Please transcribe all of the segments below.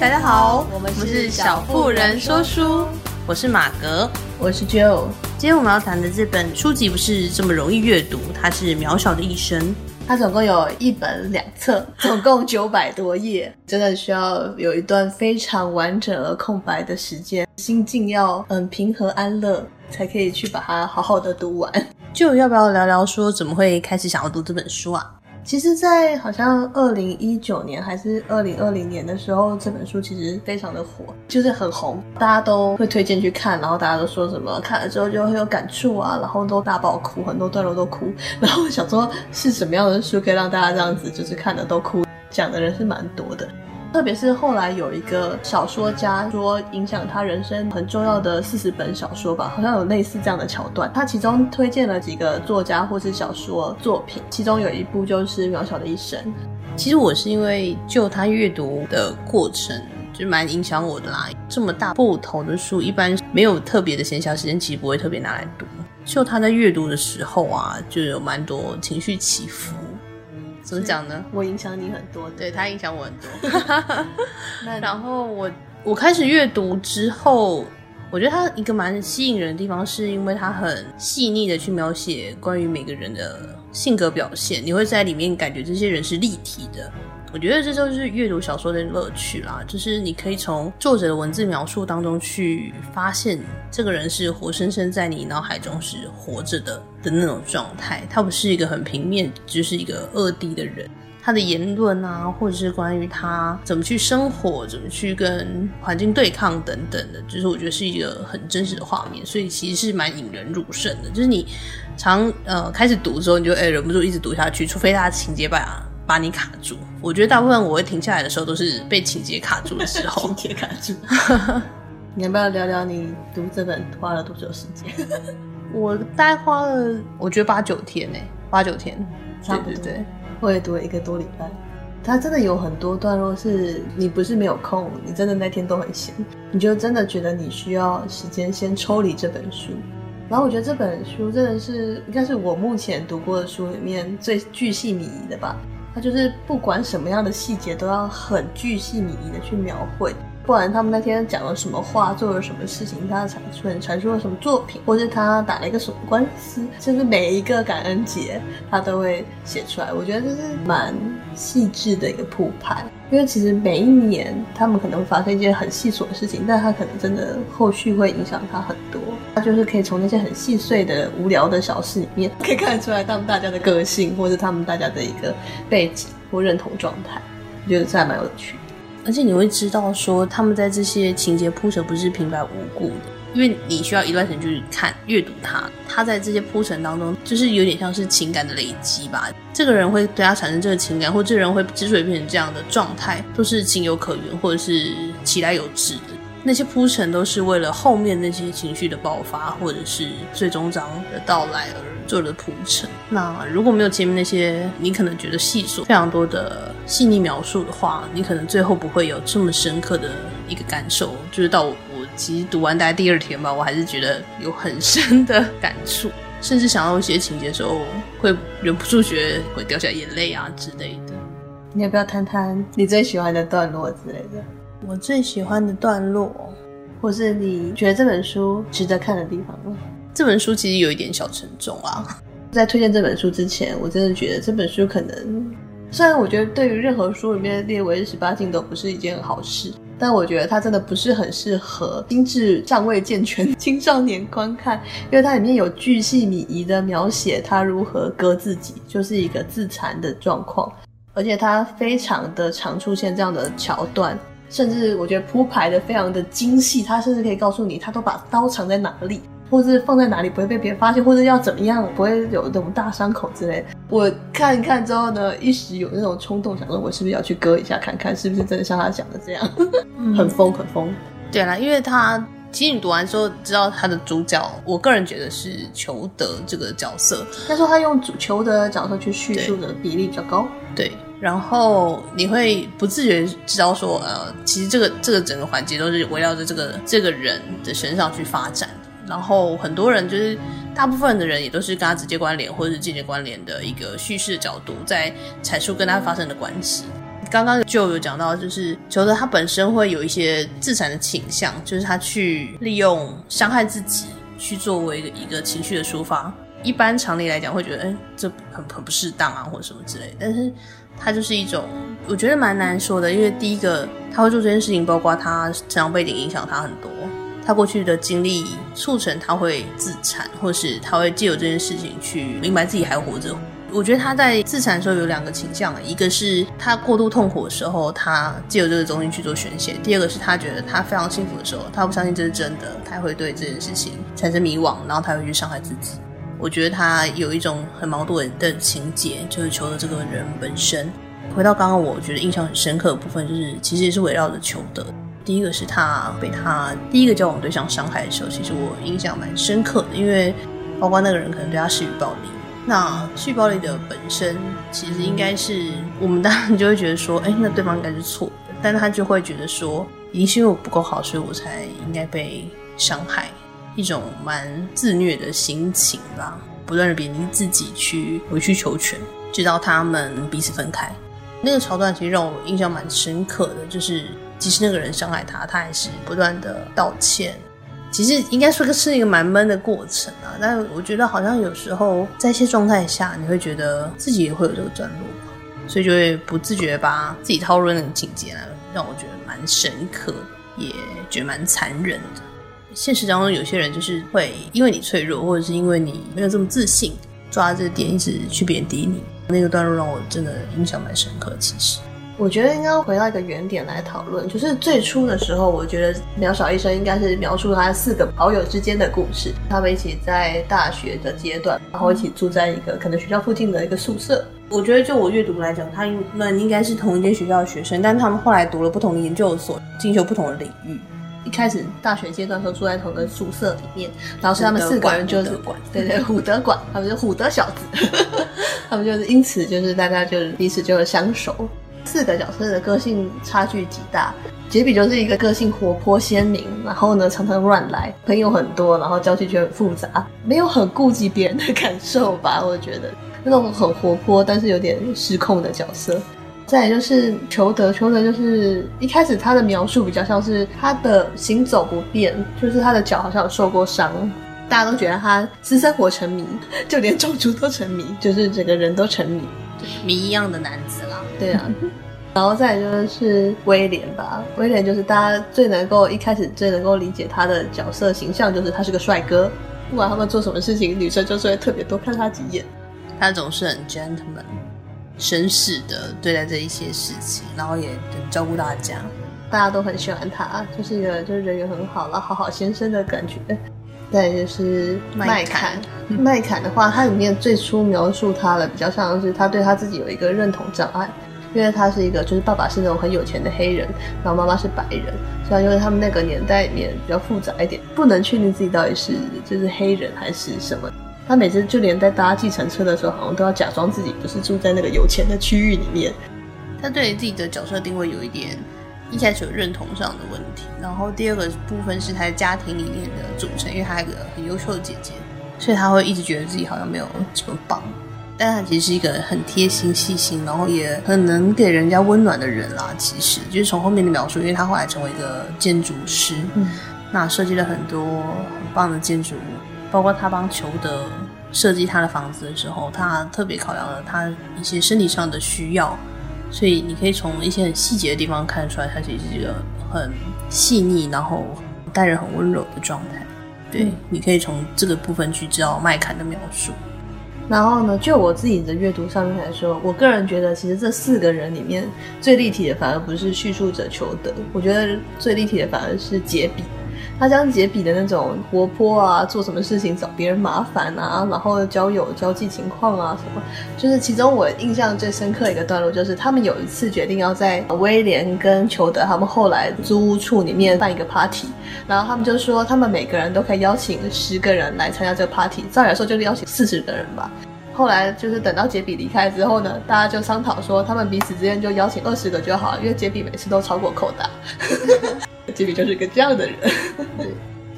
大家好，好，我們是小婦人說書。我是馬格，我是 Joe。今天我們要談的這本書籍不是這麼容易閱讀，它是《渺小的一生》，它總共有一本兩冊，總共九百多頁， 真的需要有一段非常完整而空白的時間，心境要很平和安樂，才可以去把它好好的讀完。Joe 要不要聊聊說怎麼會開始想要讀這本書啊？其實，在好像二零一九年還是二零二零年的時候，這本書其實非常的火，就是很紅，大家都會推薦去看，然後大家都說什麼看了之後就很有感觸啊，然後都大爆哭，很多段落都哭，然後想說是什麼樣的書可以讓大家這樣子就是看了都哭，講的人是蠻多的。特別是後來有一個小說家說，影響他人生很重要的四十本小說吧，好像有類似這樣的橋段。他其中推薦了幾個作家或是小說作品，其中有一部就是《渺小的一生》。其實我是因為就他閱讀的過程，就蠻影響我的啦。這麼大部頭的書，一般沒有特別的閒暇時間，其實不會特別拿來讀。就他在閱讀的時候啊，就有蠻多情緒起伏。怎麼講呢？我影響你很多，對，對，對，他影響我很多。 嗯、那然後我我開始閱讀之後，我覺得他一個蠻吸引人的地方，是因為他很細膩的去描寫關於每個人的性格表現，你會在裡面感覺這些人是立體的。我覺得這就是閱讀小說的樂趣啦，就是你可以從作者的文字描述當中去發現這個人是活生生在你腦海中是活着的的那種狀態，他不是一個很平面，就是一個二 D 的人，他的言論啊，或者是關於他怎麼去生活，怎麼去跟環境對抗等等的，就是我覺得是一個很真實的畫面，所以其實是蠻引人入勝的，就是你常，呃，開始讀之後，你就哎、欸、忍不住一直讀下去，除非他情節敗了、啊。把你卡住，我覺得大部分我會停下來的時候，都是被情節卡住的時候。 情節卡住， 你要不要聊聊你讀這本花了多久時間？我大概花了，我覺得八九天呢、欸，八九天，差不多。對對對，我也讀了一個多禮拜。它真的有很多段落是你不是沒有空，你真的那天都很閒，你就真的覺得你需要時間先抽離這本書。然後我覺得這本書真的是應該是我目前讀過的書裡面最巨細靡遺的吧。他就是不管什麼樣的細節，都要很具細膩的去描繪，不然他們那天講了什麼話，做了什麼事情，他傳傳出了什麼作品，或者他打了一個什麼官司，甚至每一個感恩節，他都會寫出來。我覺得這是蠻細緻的一個鋪排，因為其實每一年他們可能會發生一件很細瑣的事情，但他可能真的後續會影響他很多。他就是可以從那些很細碎的無聊的小事裡面，可以看得出來他們大家的個性，或是他們大家的一個背景或認同狀態。我覺得這還蠻有趣的，而且你會知道說他們在這些情節鋪設不是平白無故的。因為你需要一段時間去看閱讀它，它在這些鋪陳當中，就是有點像是情感的累積吧。這個人會對他產生這個情感，或者這個人會之所以變成這樣的狀態，都是情有可原，或者是其來有自的。那些鋪陳都是為了後面那些情緒的爆發，或者是最終章的到來而做的鋪陳。那如果沒有前面那些你可能覺得細瑣非常多的細膩描述的話，你可能最後不會有這麼深刻的一個感受，就是到。其實讀完大概第二天吧，我還是覺得有很深的感觸，甚至想到一些情節的時候會忍不住覺得會掉下眼淚啊之類的。你要不要談談你最喜歡的段落之類的？我最喜歡的段落，或是你覺得這本書值得看的地方嗎？這本書其實有一點小沉重啊。在推薦這本書之前，我真的覺得這本書可能，雖然我覺得對於任何書裡面列為十八禁都不是一件很好事。但我覺得它真的不是很適合心智尚未健全青少年觀看，因為它裡面有巨細靡遺的描寫，他如何割自己，就是一個自殘的狀況，而且它非常的常出現這樣的橋段，甚至我覺得鋪排的非常的精細，它甚至可以告訴你他都把刀藏在哪裡。或是放在哪裡不會被別人發現，或者要怎麼樣不會有那種大傷口之類的。我看一看之後呢，一時有那種衝動，想說我是不是要去割一下看看，是不是真的像他想的這樣，嗯、很瘋很瘋。對啦，因為他其實你讀完之後知道他的主角，我個人覺得是裘德這個角色，但是他用主裘德角色去敘述的比例比較高對。對，然後你會不自覺知道說，呃，其實這個這個整個環節都是圍繞着這個這個人的身上去發展。然後很多人就是，大部分的人也都是跟他直接關聯或者是間接關聯的一個敘事的角度，在闡述跟他發生的關係。剛剛就有講到，就是裘德他本身會有一些自殘的傾向，就是他去利用傷害自己去作為一個情緒的抒發。一般常理來講會覺得，哎，這很很不適當啊，或者什麼之類。但是他就是一種，我覺得蠻難說的，因為第一個他會做這件事情，包括他成長背景影響他很多。他過去的經歷促成他會自殘，或是他會借由這件事情去明白自己還活着。我覺得他在自殘的時候有兩個傾向，一個是他過度痛苦的時候，他借由這個東西去做宣洩；第二個是他覺得他非常幸福的時候，他不相信這是真的，他會對這件事情產生迷惘，然後他會去傷害自己。我覺得他有一種很矛盾的情節，就是裘德這個人本身。回到剛剛，我覺得印象很深刻的部分，就是其實也是圍繞着裘德。第一個是他被他第一個交往對象傷害的時候，其實我印象蠻深刻的，因為包括那個人可能對他施予暴力。那施暴力的本身，其實應該是我們當然就會覺得說，哎、欸，那對方應該是錯的，但他就會覺得說，一定是因為我不夠好，所以我才應該被傷害，一種蠻自虐的心情吧，不斷的貶低自己，去委曲求全，直到他們彼此分開。那個橋段其實讓我印象蠻深刻的，就是。即使那個人傷害他，他還是不斷的道歉。其實應該說是一個蠻悶的過程啊，但是我覺得好像有時候在一些狀態下，你會覺得自己也會有這個段落，所以就會不自覺把自己套入那種情節來。讓我覺得蠻深刻，也覺得蠻殘忍的。現實當中有些人就是會因為你脆弱，或者是因為你沒有這麼自信，抓這個點一直去貶低你。那個段落讓我真的印象蠻深刻，其實。我覺得應該回到一個原點來討論，就是最初的時候，我覺得《渺小醫生》應該是描述他四個好友之間的故事。他們一起在大學的階段，然後一起住在一個可能學校附近的一個宿舍。嗯、我覺得，就我閱讀來講，他們應該是同一間學校的學生，但他們後來讀了不同研究所，進修不同的領域。一開始大學階段時候住在同一個宿舍裡面，然後是他們四個人，就是對對，虎德館，他們是虎德小子， 他們就是因此就是大家就是彼此就是相熟。四個角色的個性差距極大，傑比就是一個個性活潑鮮明，然後呢常常亂來，朋友很多，然後交際圈很複雜，沒有很顧及別人的感受吧？我覺得那種很活潑但是有點失控的角色。再就是裘德，裘德就是一開始他的描述比較像是他的行走不便，就是他的腳好像有受過傷，大家都覺得他私生活成謎，就連種族都成謎，就是整個人都成謎。謎一樣的男子啦，對啊，然後再就是威廉吧，威廉就是大家最能夠一開始最能夠理解他的角色形象，就是他是個帥哥，不管他們做什麼事情，女生就是會特別多看他幾眼，他總是很 gentleman，紳士的對待這一些事情，然後也很照顧大家，大家都很喜歡他，就是一個就是人緣很好了，好好先生的感覺。再就是麥坎，麥坎、嗯、麥坎的話，他裡面最初描述他的比較像是他對他自己有一個認同障礙，因為他是一個就是爸爸是那種很有錢的黑人，然後媽媽是白人，所以因為他們那個年代裡面比較複雜一點，不能確定自己到底是就是黑人還是什麼。他每次就連在搭計程車的時候，好像都要假裝自己不是住在那個有錢的區域裡面。他對自己的角色定位有一點。一開始有認同上的問題，然後第二個部分是他家庭裡面的組成，因為他有一個很優秀的姐姐，所以他會一直覺得自己好像沒有這麼棒。但他其實是一個很貼心、細心，然後也很能給人家溫暖的人啦。其實就是從後面的描述，因為他後來成為一個建築師，嗯，那設計了很多很棒的建築物，包括他幫裘德設計他的房子的時候，他特別考量了他一些身體上的需要。所以你可以從一些很細節的地方看出來，它其實是一個很細膩，然後待人很溫柔的狀態。對，嗯、你可以從這個部分去知道麥坎的描述。然後呢，就我自己的閱讀上面來說，我個人覺得其實這四個人裡面最立體的反而不是敘述者裘德，我覺得最立體的反而是傑比。他將杰比的那種活潑啊，做什麼事情找別人麻煩啊，然後交友交際情況啊什麼，就是其中我印象最深刻的一個段落，就是他們有一次決定要在威廉跟裘德他們後來租屋處裡面辦一個 party，然後他們就說他們每個人都可以邀請十個人來參加這個 party，照理來說就是邀請四十個人吧。後來就是等到杰比離開之後呢，大家就商討說他們彼此之間就邀請二十個就好了，因為杰比每次都超過扣達。 傑比就是個這樣的人，對，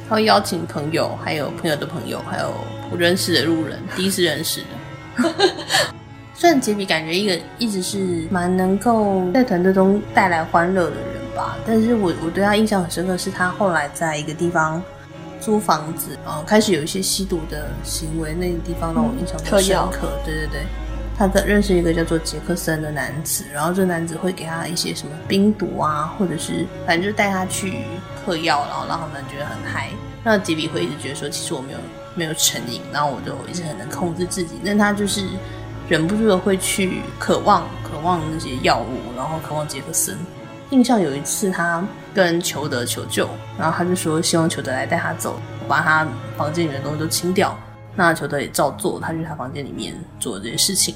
他會邀請朋友，還有朋友的朋友，還有不認識的路人， 第一次認識的。 雖然傑比感覺一個一直是蠻能夠在團隊中帶來歡樂的人吧，但是我我對他印象很深刻，是他後來在一個地方租房子，嗯，開始有一些吸毒的行為，那個地方讓我印象特深刻。嗯、對對對。他的認識一個叫做傑克森的男子，然後這男子會給他一些什麼冰毒啊，或者是反正就帶他去嗑藥，然後讓他們覺得很嗨。那傑比會一直覺得說，其實我沒有沒有成癮，然後我就一直很能控制自己。但他就是忍不住的會去渴望、渴望那些藥物，然後渴望傑克森。印象有一次，他跟裘德求救，然後他就說希望裘德來帶他走，我把他房間裡的東西都清掉。那裘德也照做，他去他房間裡面做這些事情。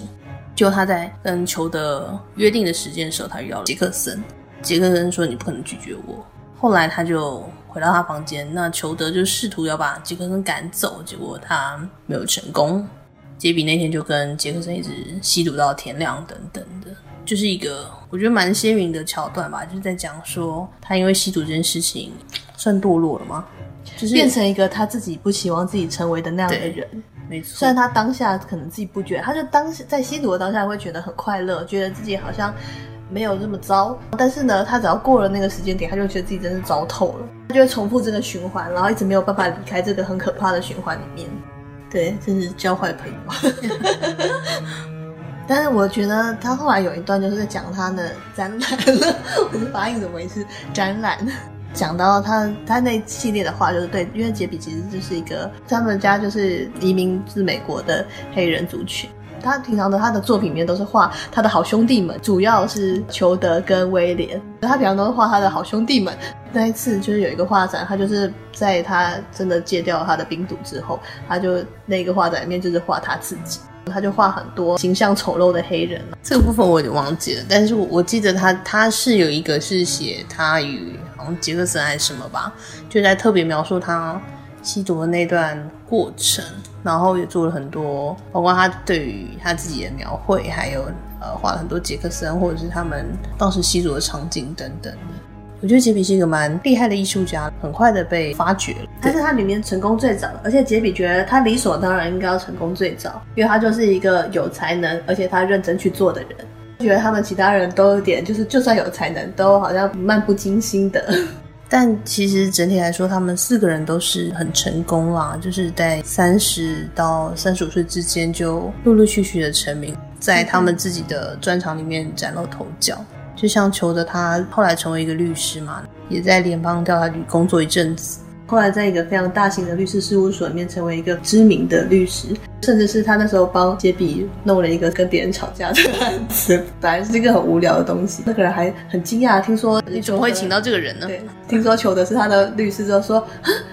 就他在跟裘德約定的時間的時候，他遇到了傑克森。傑克森說：“你不可能拒絕我。”後來他就回到他房間，那裘德就試圖要把傑克森趕走，結果他沒有成功。傑比那天就跟傑克森一直吸毒到天亮，等等的。就是一個我覺得蠻鮮明的橋段吧，就是在講說他因為吸毒這件事情，算墮落了嗎？就是變成一個他自己不希望自己成為的那樣的人。沒錯，雖然他當下可能自己不覺得，他就當在吸毒的當下會覺得很快樂，覺得自己好像沒有這麼糟。但是呢，他只要過了那個時間點，他就覺得自己真是糟透了，他就會重複這個循環，然後一直沒有辦法離開這個很可怕的循環裡面。對，真是交壞朋友。 但是我覺得他後來有一段就是在講他的展覽了，我就發音怎麼也展覽，講到他他那系列的畫就是對，因為杰比其實就是一個他們家就是移民自美國的黑人族群，他平常的他的作品裡面都是畫他的好兄弟們，主要是裘德跟威廉，他平常都是畫他的好兄弟們。那一次就是有一個畫展，他就是在他真的戒掉他的冰毒之後，他就那個畫展裡面就是畫他自己。他就畫很多形象醜陋的黑人了，這個部分我已經忘記了，但是我我記得他他是有一個是寫他與好像傑克森還是什麼吧，就在特別描述他吸毒的那段過程，然後也做了很多，包括他對於他自己的描繪，還有呃畫了很多傑克森或者是他們當時吸毒的場景等等。我覺得傑比是一個蠻厲害的藝術家，很快的被發掘了。他是他裡面成功最早的，而且傑比覺得他理所當然應該要成功最早，因為他就是一個有才能，而且他認真去做的人。我覺得他們其他人都有點，就是就算有才能，都好像漫不經心的。但其實整體來說，他們四個人都是很成功啦，就是在三十到三十五歲之間就陸陸續續的成名，在他們自己的專場裡面嶄露頭角。嗯就像裘德他後來成為一個律師嘛，也在聯邦調查局工作一陣子。後來在一個非常大型的律師事務所裡面，成為一個知名的律師，甚至是他那時候幫杰比弄了一個跟別人吵架的案子，本來是一個很無聊的東西，那個人還很驚訝，聽說你怎麼會請到這個人呢？對，聽說裘德是他的律師之後，說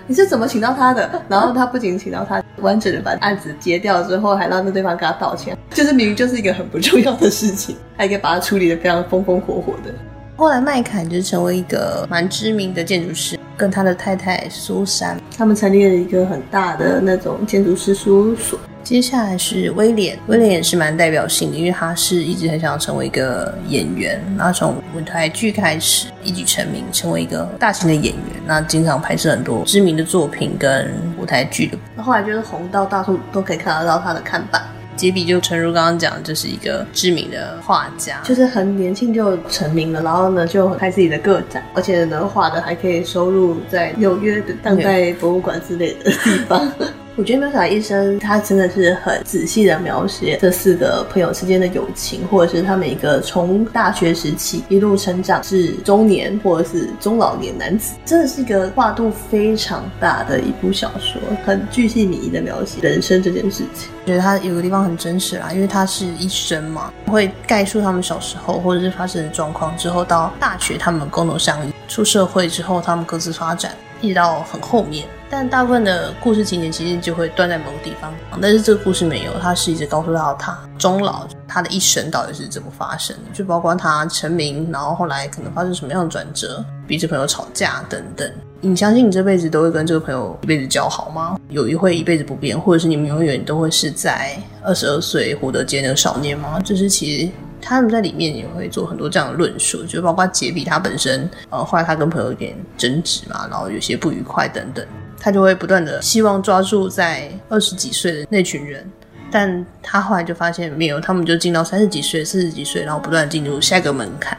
你是怎麼請到他的？然後他不僅請到他，完整的把案子結掉之後，還讓那對方跟他道歉，就是明明就是一個很不重要的事情，他也可以把他處理得非常風風火火的。後來，麥坎就成為一個蠻知名的建築師，跟他的太太蘇珊，他們成立了一個很大的那種建築師事務所。接下來是威廉，威廉也是蠻代表性的，因為他是一直很想要成為一個演員，然後從舞台劇開始一舉成名，成為一個大型的演員，那經常拍攝很多知名的作品跟舞台劇的。那後，後來就是紅到大眾都可以看得到他的看板。傑比就誠如剛剛講，就是一個知名的畫家，就是很年輕就成名了，然後呢，就開自己的個展，而且呢畫的還可以收入在紐約的當代博物館之類的地方。對 我覺得《渺小一生》他真的是很仔細的描寫這四個朋友之間的友情，或者是他們一個從大學時期一路成長至中年或者是中老年男子，真的是一個跨度非常大的一部小說，很巨細靡遺的描寫人生這件事情。我覺得他有個地方很真實啦，因為他是一生嘛，會概述他們小時候或者是發生的狀況之後到大學他們共同相遇，出社會之後他們各自發展，一直到很後面。但大部分的故事情節其實就會斷在某個地方，但是這個故事沒有，它是一直告訴到他終老，他的一生到底是怎麼發生的，就包括他成名，然後後來可能發生什麼樣的轉折，彼此朋友吵架等等。你相信你這輩子都會跟這個朋友一輩子交好嗎？友誼會一輩子不變，或者是你們永遠都會是在二十二歲活得見那個少年嗎？就是其實他們在裡面也會做很多這樣的論述，就包括杰比他本身，呃，後來他跟朋友有點爭執嘛，然後有些不愉快等等。他就會不斷的希望抓住在二十幾歲的那群人，但他後來就發現沒有，他們就進到三十幾歲、四十幾歲，然後不斷進入下一個門檻，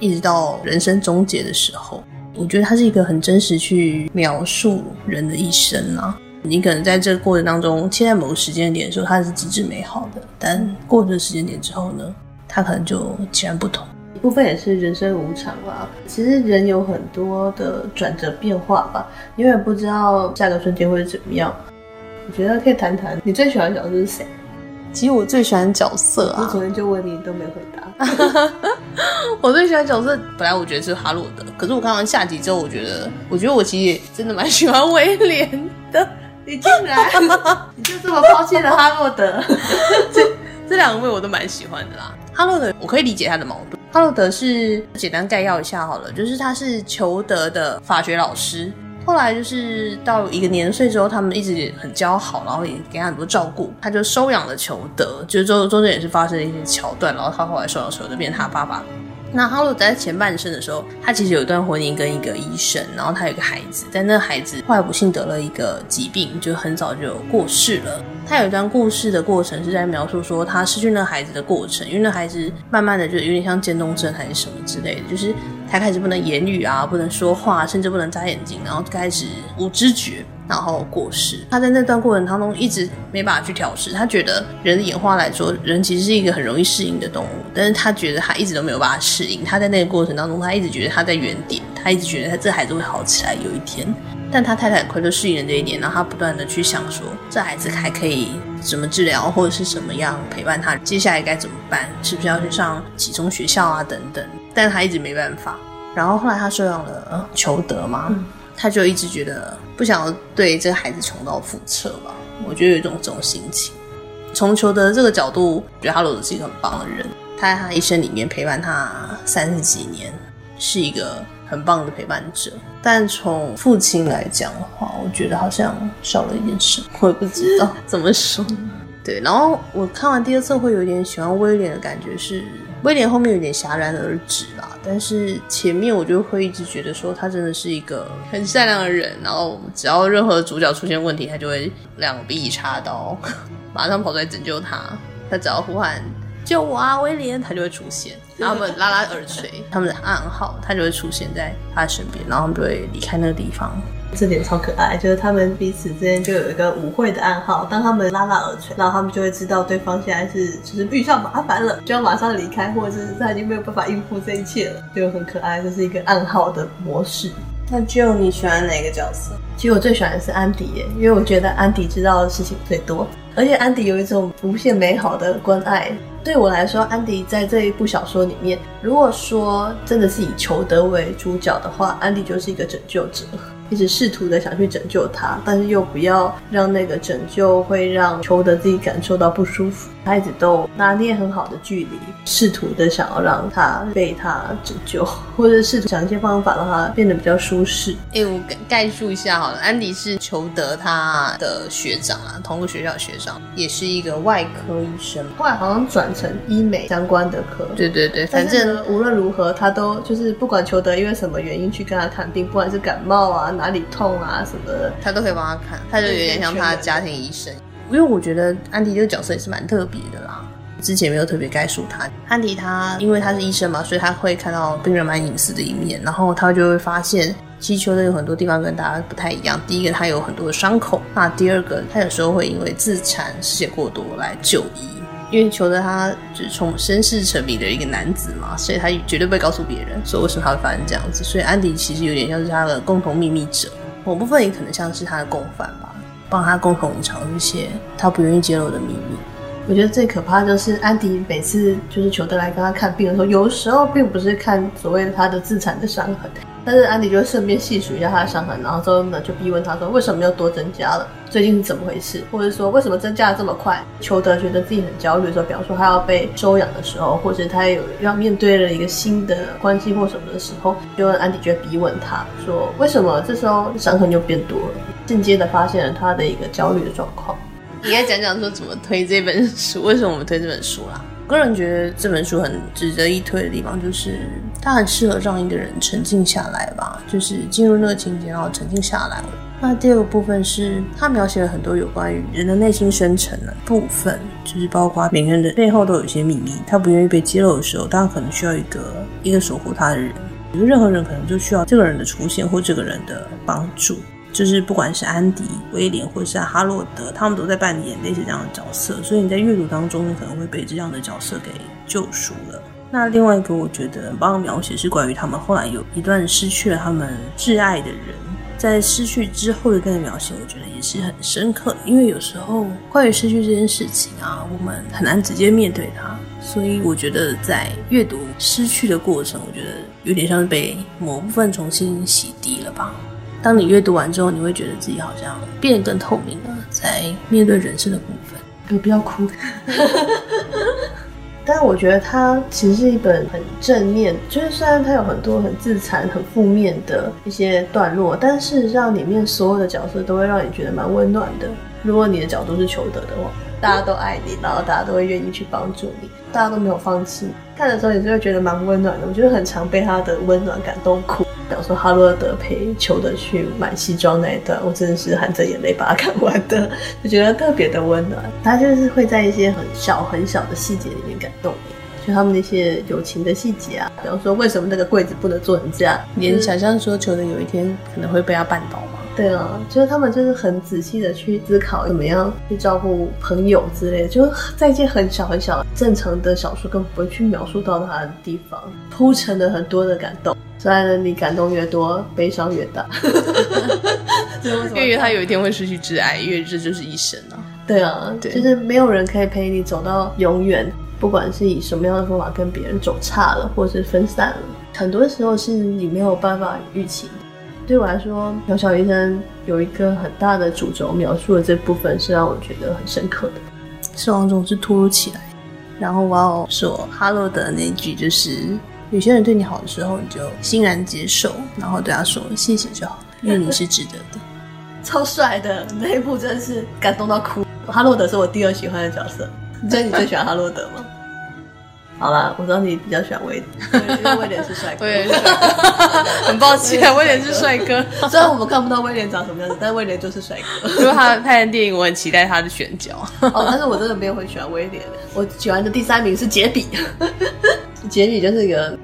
一直到人生終結的時候。我覺得他是一個很真實去描述人的一生啊。你可能在這個過程當中，現在某個時間點的時候，他是極致美好的，但過了這個時間點之後呢，他可能就截然不同。部分也是人生無常啦、啊，其實人有很多的轉折變化吧，永遠不知道下個瞬間會怎麼樣。我覺得可以談談你最喜歡的角色是誰？其實我最喜歡角色啊，我昨天就問你都沒回答。 我最喜歡角色本來我覺得是哈洛德，可是我看完下集之後，我覺得我覺得我其實真的蠻喜歡威廉的。你竟然， 你就這麼拋棄了哈洛德？ 這這兩位我都蠻喜歡的啦。哈洛德，我可以理解他的矛盾。哈洛德是簡單概要一下好了，就是他是裘德的法學老師，後來就是到一個年歲之後，他們一直也很交好，然後也給他很多照顧，他就收養了裘德，就中中間也是發生了一些橋段，然後他後來收養的時候就變成他爸爸。那哈羅德在前半生的時候，他其實有一段婚姻跟一個醫生，然後他有一個孩子，但那孩子後來不幸得了一個疾病，就很早就有過世了。他有一段故事的過程是在描述說他失去那孩子的過程，因為那孩子慢慢的就有點像漸凍症還是什麼之類的，就是他開始不能言語啊，不能說話，甚至不能眨眼睛，然後開始無知覺，然後過世，他在那段過程當中一直沒辦法去調適。他覺得人的演化來說，人其實是一個很容易適應的動物，但是他覺得他一直都沒有辦法適應。他在那個過程當中，他一直覺得他在原點，他一直覺得他這孩子會好起來有一天。但他太太很快就適應了這一點，然後他不斷的去想說，這孩子還可以怎麼治療，或者是怎麼樣陪伴他，接下來該怎麼辦？是不是要去上集中學校啊？等等。但他一直沒辦法。然後後來他收養了裘德、啊、嗎？嗯他就一直覺得不想要對這個孩子重蹈覆轍吧，我覺得有一種這種心情。從裘德這個角度，我覺得哈羅德是一個很棒的人，他在他一生裡面陪伴他三十幾年，是一個很棒的陪伴者。但從父親來講的話，我覺得好像少了一點什麼，我也不知道怎麼說。 對，然後我看完第二冊會有點喜歡威廉的感覺是，是威廉後面有點戛然而止吧，但是前面我就會一直覺得說他真的是一個很善良的人，然後只要任何主角出現問題，他就會兩臂插刀，馬上跑出來拯救他。他只要呼喊「救我啊，威廉」，他就會出現。然後他們拉拉耳垂，他們的暗號，他就會出現在他身邊，然後他們就會離開那個地方。這點超可愛，就是他們彼此之間就有一個舞會的暗號，當他們拉拉耳垂，然後他們就會知道對方現在是就是遇上麻煩了，就要馬上離開，或者是他已經沒有辦法應付這一切了，就很可愛，這是一個暗號的模式。那就你喜歡哪個角色？其實我最喜歡的是安迪耶，因為我覺得安迪知道的事情最多，而且安迪有一種無限美好的關愛。對我來說，安迪在這一部小說裡面，如果說真的是以裘德為主角的話，安迪就是一個拯救者，一直試圖的想去拯救他，但是又不要讓那個拯救會讓裘德自己感受到不舒服，他一直都拿捏很好的距離，試圖的想要讓他被他拯救，或者試圖想一些方法讓他變得比較舒適。哎，我概述一下好。安迪是裘德他的學長啊，同個學校的學長，也是一個外科醫生，後來好像轉成醫美相關的科。對對對，反正，反正無論如何，他都就是不管裘德因為什麼原因去跟他看病，不管是感冒啊、哪裡痛啊什麼的，他都可以幫他看，他就有點像他的家庭醫生。因為我覺得安迪這個角色也是蠻特別的啦，之前沒有特別概述他。安迪他、嗯、因為他是醫生嘛，所以他會看到病人蠻隱私的一面，然後他就會發現。裘德有很多地方跟大家不太一樣。第一個，他有很多的傷口；那第二個，他有時候會因為自殘失血過多來就醫。因為裘德他只從身世成迷的一個男子嘛，所以他絕對不會告訴別人，說為什麼他會發生這樣子。所以安迪其實有點像是他的共同秘密者，某部分也可能像是他的共犯吧，幫他共同隱藏一些他不願意揭露的秘密。我覺得最可怕就是安迪每次就是裘德來跟他看病的時候，有時候並不是看所謂他的自殘的傷痕。但是安迪就順便細數一下他的傷痕，然後之後呢，就逼問他說為什麼又多增加了，最近是怎麼回事，或者說為什麼增加的這麼快？裘德覺得自己很焦慮的時候，說比方說他要被收養的時候，或者他有要面對了一個新的關係或什麼的時候，就安迪就逼問他說為什麼這時候傷痕就變多了，間接的發現了他的一個焦慮的狀況。你應該講講說怎麼推這本書，為什麼我們推這本書啦、啊？個人覺得這本書很值得一推的地方，就是它很適合讓一個人沉靜下來吧，就是進入那個情節，然後沉靜下來。那第二個部分是，它描寫了很多有關於人的內心深層的部分，就是包括每個人的背後都有一些秘密，他不願意被揭露的時候，當然可能需要一個一個守護他的人。比如任何人可能就需要這個人的出現或這個人的幫助。就是不管是安迪、威廉，或是哈洛德，他們都在扮演類似這樣的角色，所以你在閱讀當中，你可能會被這樣的角色給救贖了。那另外一個我覺得很棒的描寫是關於他們後來有一段失去了他們摯愛的人，在失去之後的個人描寫，我覺得也是很深刻。因為有時候關於失去這件事情啊，我們很難直接面對它，所以我覺得在閱讀失去的過程，我覺得有點像是被某部分重新洗滌了吧。當你閱讀完之後，你會覺得自己好像變得更透明了，才面對人生的部分。有不要哭。 但我覺得它其實是一本很正面，就是雖然它有很多很自殘、很負面的一些段落，但事實上裡面所有的角色都會讓你覺得蠻溫暖的。如果你的角度是裘德的話，大家都愛你，然後大家都會願意去幫助你，大家都沒有放棄。看的時候你就會覺得蠻溫暖的。我就是很常被他的溫暖感動哭。比方說哈羅德陪裘德去買西裝那一段，我真的是含着眼淚把它看完的，我覺得特別的溫暖。他就是會在一些很小很小的細節裡面感動你，就他們那些友情的細節啊。比方說為什麼那個櫃子不能做成這樣？你想象說裘德有一天可能會被他絆倒嗎？對啊，就是他們就是很仔細的去思考怎麼樣去照顧朋友之類的，就是在一些很小很小、正常的小說，根本不會去描述到他的地方，鋪陳了很多的感動。所以呢，你感動越多，悲傷越大。越越 他有一天會失去摯愛，因為這就是一生啊。對啊，對。就是沒有人可以陪你走到永遠，不管是以什麼樣的方法跟別人走岔了，或是分散了，很多時候是你沒有辦法預期。對我來說，《渺小一生》有一個很大的主軸，描述的這部分是讓我覺得很深刻的。失望總是突如其來，然後我要說哈洛德那一句就是：有些人對你好的時候，你就欣然接受，然後對他說謝謝就好，因為你是值得的。 超帥的那一部真的是感動到哭。哈洛德是我第二喜歡的角色，你覺得你最喜歡哈洛德嗎？ 好了，我知道你比較喜歡威廉，因為威廉是帥哥。威廉是帥哥。很抱歉啊，威廉是帥哥。威廉是帥哥。雖然我們看不到威廉長什麼樣子，但威廉就是帥哥。因為他拍的電影，我很期待他的選角。哦，但是我真的沒有很喜歡威廉，我喜歡的第三名是杰比，杰比就是一個。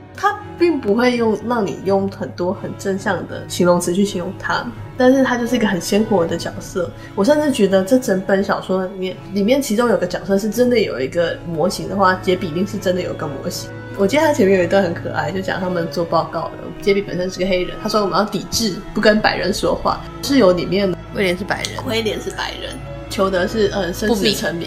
並不會用讓你用很多很正向的形容詞去形容他，但是他就是一個很鮮活的角色。我甚至覺得這整本小說裡面，裡面其中有個角色是真的有一個模型的話，杰比一定是真的有個模型。我記得他前面有一段很可愛，就講他們做報告的。杰比本身是個黑人，他說我們要抵制，不跟白人說話。室友裡面，威廉是白人，威廉是白人，裘德是呃，身世不明。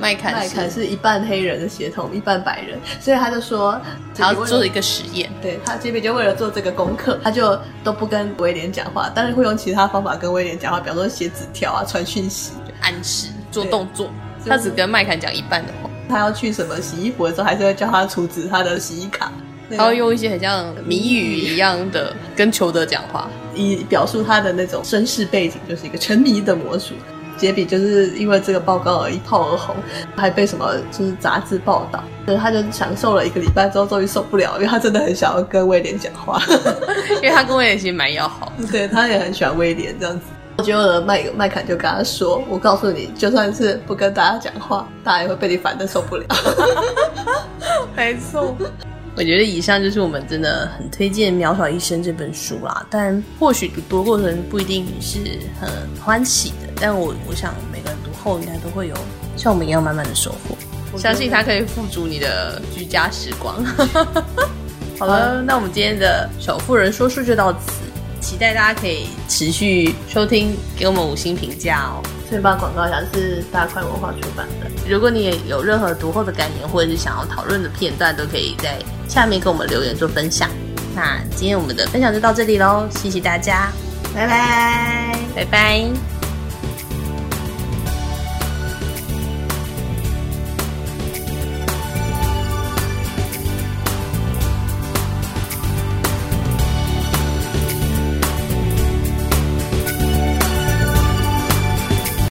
麥坎麥坎是一半黑人的血統，一半白人，所以他就說，他要做一個實驗。對，他這邊就為了做這個功課，他就都不跟威廉講話，但是會用其他方法跟威廉講話，比方說寫紙條啊、傳訊息、暗示、做動作。就是、他只跟麥坎講一半的話。他要去什麼洗衣服的時候，還是會叫他出示他的洗衣卡。他會用一些很像謎語一樣的跟裘德講話， 以表述他的那種身世背景，就是一個沉迷的魔術。杰比，就是因為這個報告而一炮而紅，還被什麼就是雜誌報道，所以他就享受了一個禮拜之後，終於受不了，因為他真的很想要跟威廉講話，因為他跟威廉其實蠻要好，對，他也很喜歡威廉這樣子。 我覺得麥麥坎就跟他說：“我告訴你，就算是不跟大家講話，大家也會被你煩得受不了。 沒”沒錯。我覺得以上就是我們真的很推薦《渺小一生》這本書啦。但或許讀多過程不一定是很歡喜的，但我我想每個人讀後應該都會有像我們一樣滿滿的收穫。我覺相信它可以富足你的居家時光。 好了的、 嗯，那我們今天的《小婦人》說書就到此，期待大家可以持續收聽，給我們五星評價哦。順便把廣告像、就是大塊文化出版的。如果你也有任何讀後的感言，或者是想要討論的片段，都可以在。下面跟我們留言做分享。那今天我們的分享就到這裡嘍，謝謝大家，拜拜，拜拜。拜拜。